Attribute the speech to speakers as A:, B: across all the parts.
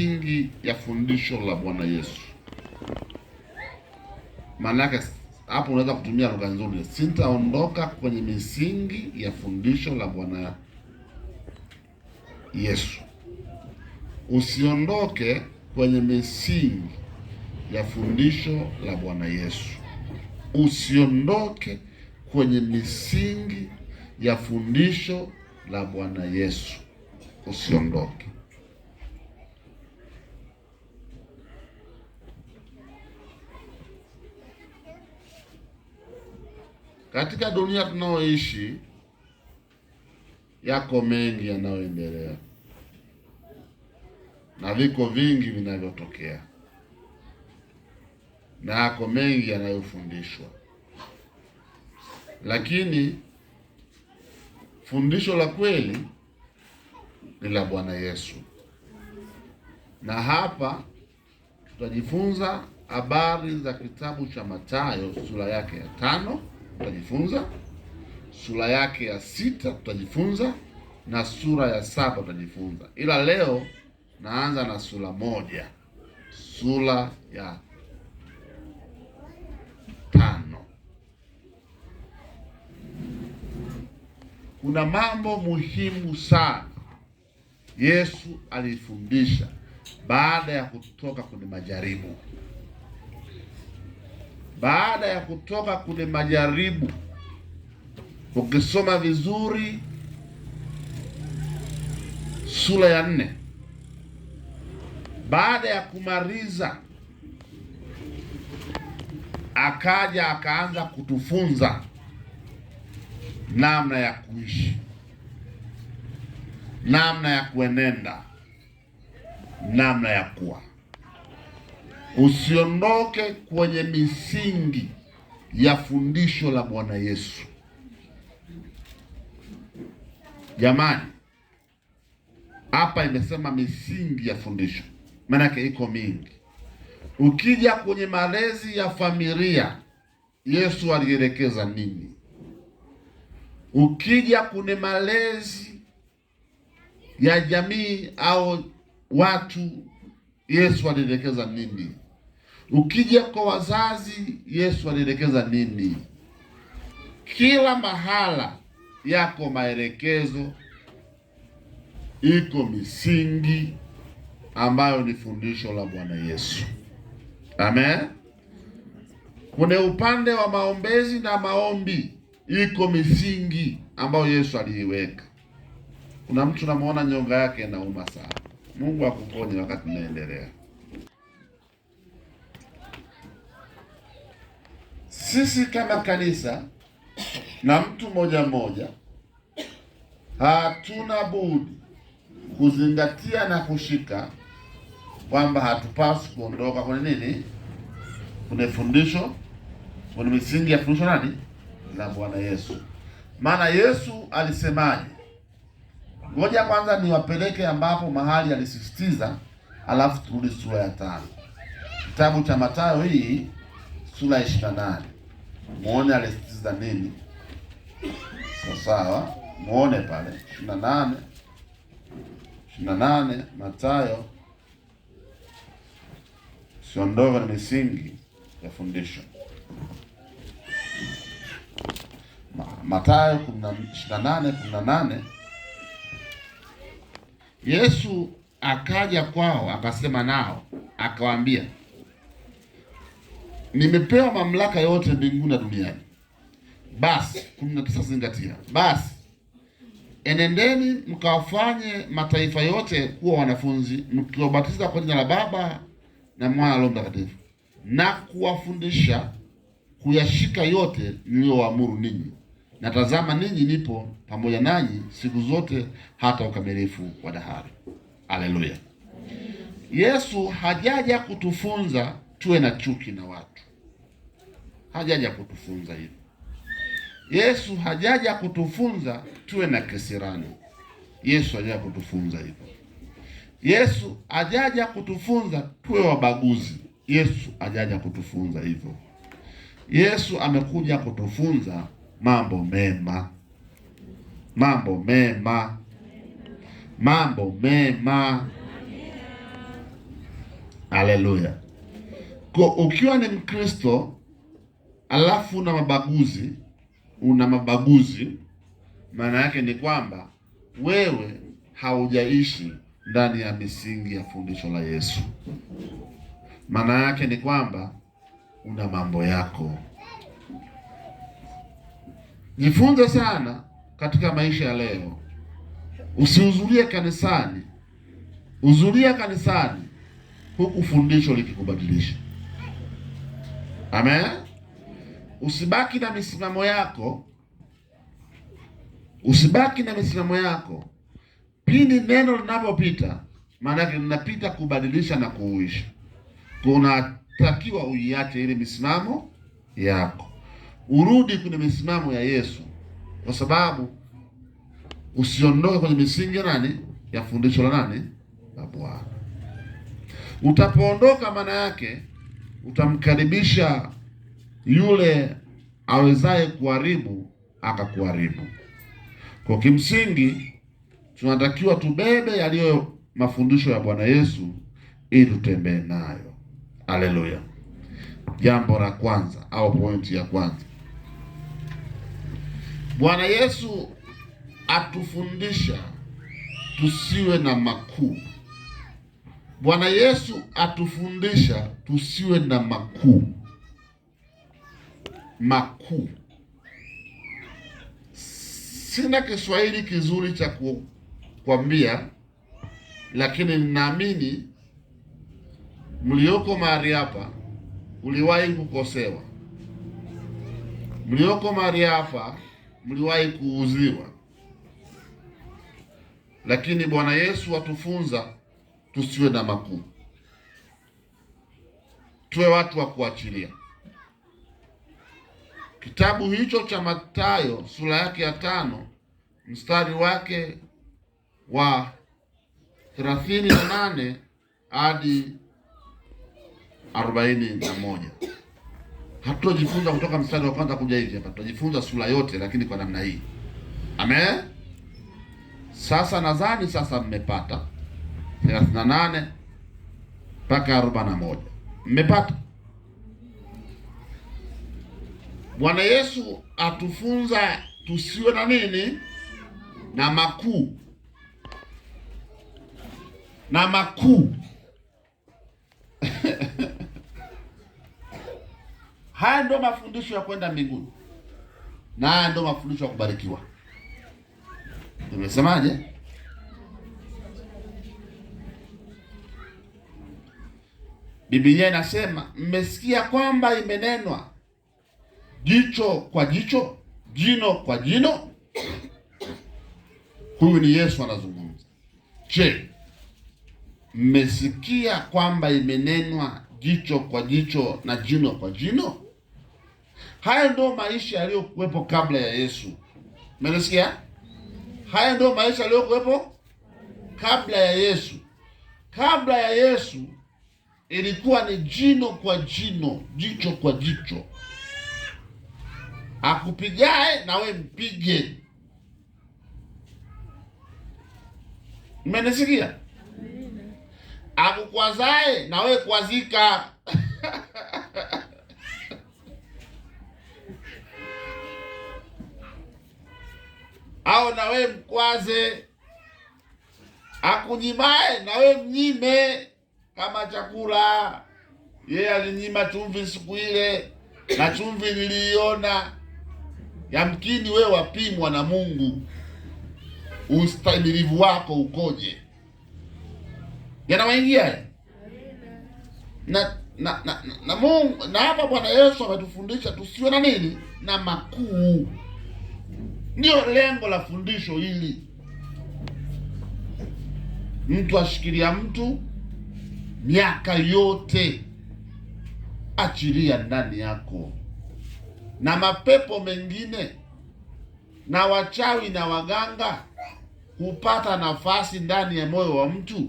A: misingi ya fundisho la Bwana Yesu. Maanake hapo unaweza kutumia lugha nzuri, sitaondoka kwenye misingi ya fundisho la Bwana Yesu. Usiondoke kwenye misingi ya fundisho la Bwana Yesu. Usiondoke kwenye misingi ya fundisho la Bwana Yesu. Usiondoke. Katika dunia tunayoishi yako mengi yanayoendelea na viko vingi vinavyotokea na yako mengi yanayofundishwa, lakini fundisho la kweli ni la Bwana Yesu, na hapa tutajifunza habari za kitabu cha Mathayo sura yake ya tano tutajifunza, sura yake ya sita tutajifunza, na sura ya saba tutajifunza, ila leo naanza na sura moja, sura ya tano. Kuna mambo muhimu sana Yesu alifundisha baada ya kutoka kwenye majaribu baada ya kutoka kule majaribu. Ukisoma vizuri sura ya nne, baada ya kumaliza akaja akaanza kutufunza namna ya kuishi, namna ya kuenenda, namna ya kuwa Usiondoke kwenye misingi ya fundisho la Bwana Yesu. Jamani, hapa imesema misingi ya fundisho, maanake iko mingi. Ukija kwenye malezi ya familia, Yesu alielekeza nini? Ukija kwenye malezi ya jamii au watu, Yesu alielekeza nini? Ukija kwa wazazi, Yesu alielekeza nini? Kila mahala yako maelekezo, iko misingi ambayo ni fundisho la Bwana Yesu. Amen. Kuna upande wa maombezi na maombi, iko misingi ambayo Yesu aliiweka. Kuna mtu namuona nyonga yake inauma sana, Mungu akuponye wakati naendelea sisi kama kanisa na mtu mmoja mmoja hatuna budi kuzingatia na kushika kwamba hatupaswi kuondoka kwenye nini, kwenye fundisho, kwenye misingi ya fundisho nani la Bwana Yesu. Maana Yesu alisemaje? Ngoja kwanza niwapeleke ambapo mahali alisisitiza, alafu turudi sura ya tano, kitabu cha Mathayo hii sura ya nane muone alisisitiza nini. sawa, muone pale ishirini na nane ishirini na nane Mathayo, usiondoke na misingi ya fundisho. Mathayo ishirini na nane kumi na nane Yesu akaja kwao akasema nao akawaambia nimepewa mamlaka yote mbinguni na duniani. Basi kumi na tisa, zingatia basi, enendeni mkawafanye mataifa yote kuwa wanafunzi, mkiwabatiza kwa jina la Baba na Mwana na Roho Mtakatifu, na kuwafundisha kuyashika yote niliyowaamuru ninyi, na tazama, ninyi nipo pamoja nanyi siku zote hata ukamilifu wa dahari. Haleluya! Yesu hajaja kutufunza tuwe na chuki na watu hajaja kutufunza hivyo. Yesu hajaja kutufunza tuwe na kisirani. Yesu hajaja kutufunza hivyo. Yesu hajaja kutufunza tuwe wabaguzi. Yesu hajaja kutufunza hivyo. Yesu amekuja kutufunza mambo mema, mambo mema, mambo mema. Haleluya! Kwa ukiwa ni Mkristo alafu una mabaguzi, una mabaguzi, maana yake ni kwamba wewe haujaishi ndani ya misingi ya fundisho la Yesu. Maana yake ni kwamba una mambo yako. Jifunze sana katika maisha ya leo, usihudhurie kanisani, hudhuria kanisani huku fundisho likikubadilisha. Amen usibaki na misimamo yako, usibaki na misimamo yako pindi neno linapopita, yake linapita kubadilisha na kuuisha. Kunatakiwa uiache ile misimamo yako, urudi kwenye misimamo ya Yesu, kwa sababu usiondoke kwenye misingi ya nani, ya fundisho la nani, la Bwana. Utapoondoka, maana yake utamkaribisha yule awezaye kuharibu akakuharibu. Kwa kimsingi, tunatakiwa tubebe yaliyo mafundisho ya Bwana Yesu ili tutembee nayo. Haleluya! Jambo la kwanza au pointi ya kwanza, Bwana Yesu atufundisha tusiwe na makuu. Bwana Yesu atufundisha tusiwe na makuu makuu. Sina Kiswahili kizuri cha kukwambia, lakini ninaamini mlioko mahali hapa uliwahi kukosewa, mlioko mahali hapa mliwahi kuuziwa, lakini Bwana Yesu atufunza tusiwe na makuu, tuwe watu wa kuachilia. Kitabu hicho cha Mathayo sura yake ya tano mstari wake wa thelathini na nane hadi arobaini na moja. Hatutajifunza kutoka mstari wa kwanza kuja hivi hapa, tutajifunza sura yote, lakini kwa namna hii. Amen. Sasa nadhani sasa mmepata 38 mpaka 41 mmepata. Bwana Yesu atufunza tusiwe na nini na makuu na makuu haya ndio mafundisho ya kwenda mbinguni na haya ndio mafundisho ya kubarikiwa. Nimesemaje? Biblia inasema mmesikia kwamba imenenwa jicho kwa jicho, jino kwa jino. Huyu ni Yesu anazungumza. Je, mmesikia kwamba imenenwa jicho kwa jicho na jino kwa jino? Haya ndio maisha yaliyokuwepo kabla ya Yesu. Mmesikia? Haya ndio maisha yaliyokuwepo kabla ya Yesu. Kabla ya Yesu ilikuwa ni jino kwa jino, jicho kwa jicho akupigae na we mpige. Mmenisikia? Akukwazae na we kwazika. Au na we mkwaze. Akunyimae na we mnyime kama chakula. Yeye alinyima chumvi siku ile na chumvi niliiona Yamkini wewe wapimwa na Mungu ustahimilivu wako ukoje. Yanawaingia ya? na na na na Mungu na hapa Bwana Yesu ametufundisha tusiwe na nini na makuu. ndio lengo la fundisho hili, mtu ashikilia mtu miaka yote, achilia ndani yako na mapepo mengine na wachawi na waganga hupata nafasi ndani ya moyo wa mtu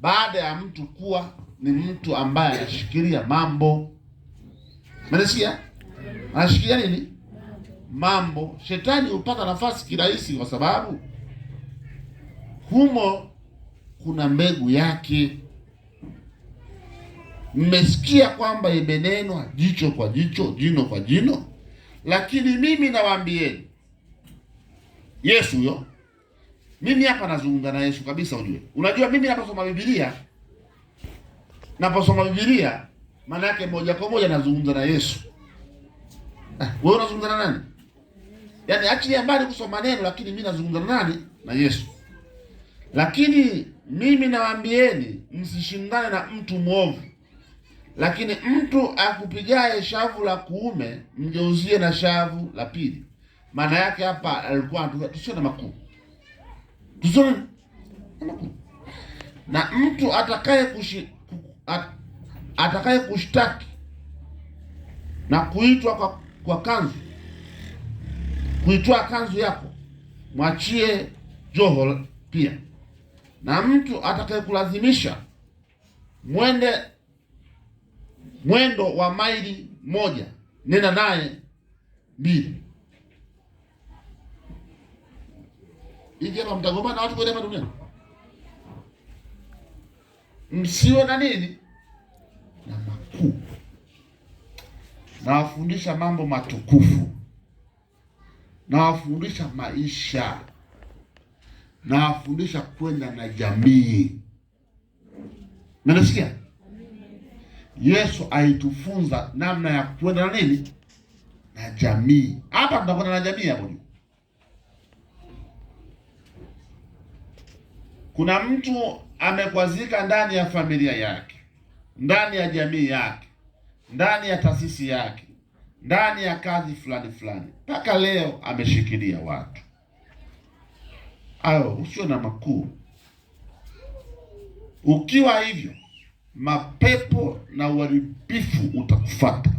A: baada ya mtu kuwa ni mtu ambaye anashikilia mambo. Mnasikia? Anashikilia nini? Mambo. Shetani hupata nafasi kirahisi, kwa sababu humo kuna mbegu yake. Mmesikia kwamba imenenwa jicho kwa jicho, jino kwa jino. Lakini mimi nawaambieni, Yesu huyo, mimi hapa nazungumza na Yesu kabisa. Ujue, unajua mimi naposoma Biblia, naposoma Biblia maana yake moja kwa moja nazungumza na Yesu. Ah, wewe unazungumza na nani? Yaani actually mbali kusoma neno, lakini mimi nazungumza na nani? Na Yesu. Lakini mimi nawaambieni msishindane na mtu mwovu lakini mtu akupigaye shavu la kuume mgeuzie na shavu la pili. Maana yake hapa alikuwa anataka na makuu, tusio na makuu. Na mtu atakaye kushi, atakaye kushtaki na kuitwa kwa, kwa kanzu kuitwa kanzu yako mwachie joho pia. Na mtu kulazimisha mwende mwendo wa maili moja nenda naye mbili. Hiki hapa mtagombana watu kote hapa duniani, na nini na makuu. Nawafundisha mambo matukufu, nawafundisha maisha, nawafundisha kwenda na jamii. Nanasikia? Yesu aitufunza namna ya kwenda na nini na jamii. Hapa tunakwenda na jamii hapo juu. Kuna mtu amekwazika ndani ya familia yake, ndani ya jamii yake, ndani ya taasisi yake, ndani ya kazi fulani fulani, mpaka leo ameshikilia watu ayo usio na makuu. Ukiwa hivyo mapepo na uharibifu utakufata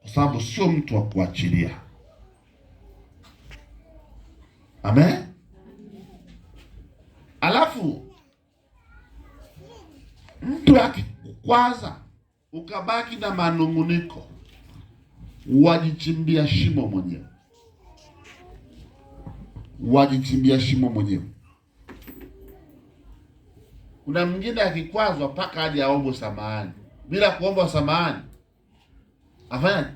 A: kwa sababu sio mtu wa kuachilia. Amen. Alafu mtu akikwaza ukabaki na manunguniko, wajichimbia shimo mwenyewe, wajichimbia shimo mwenyewe. Kuna mwingine akikwazwa mpaka aje aombe samahani, bila kuomba samahani afanya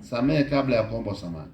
A: samehe kabla ya kuomba samahani.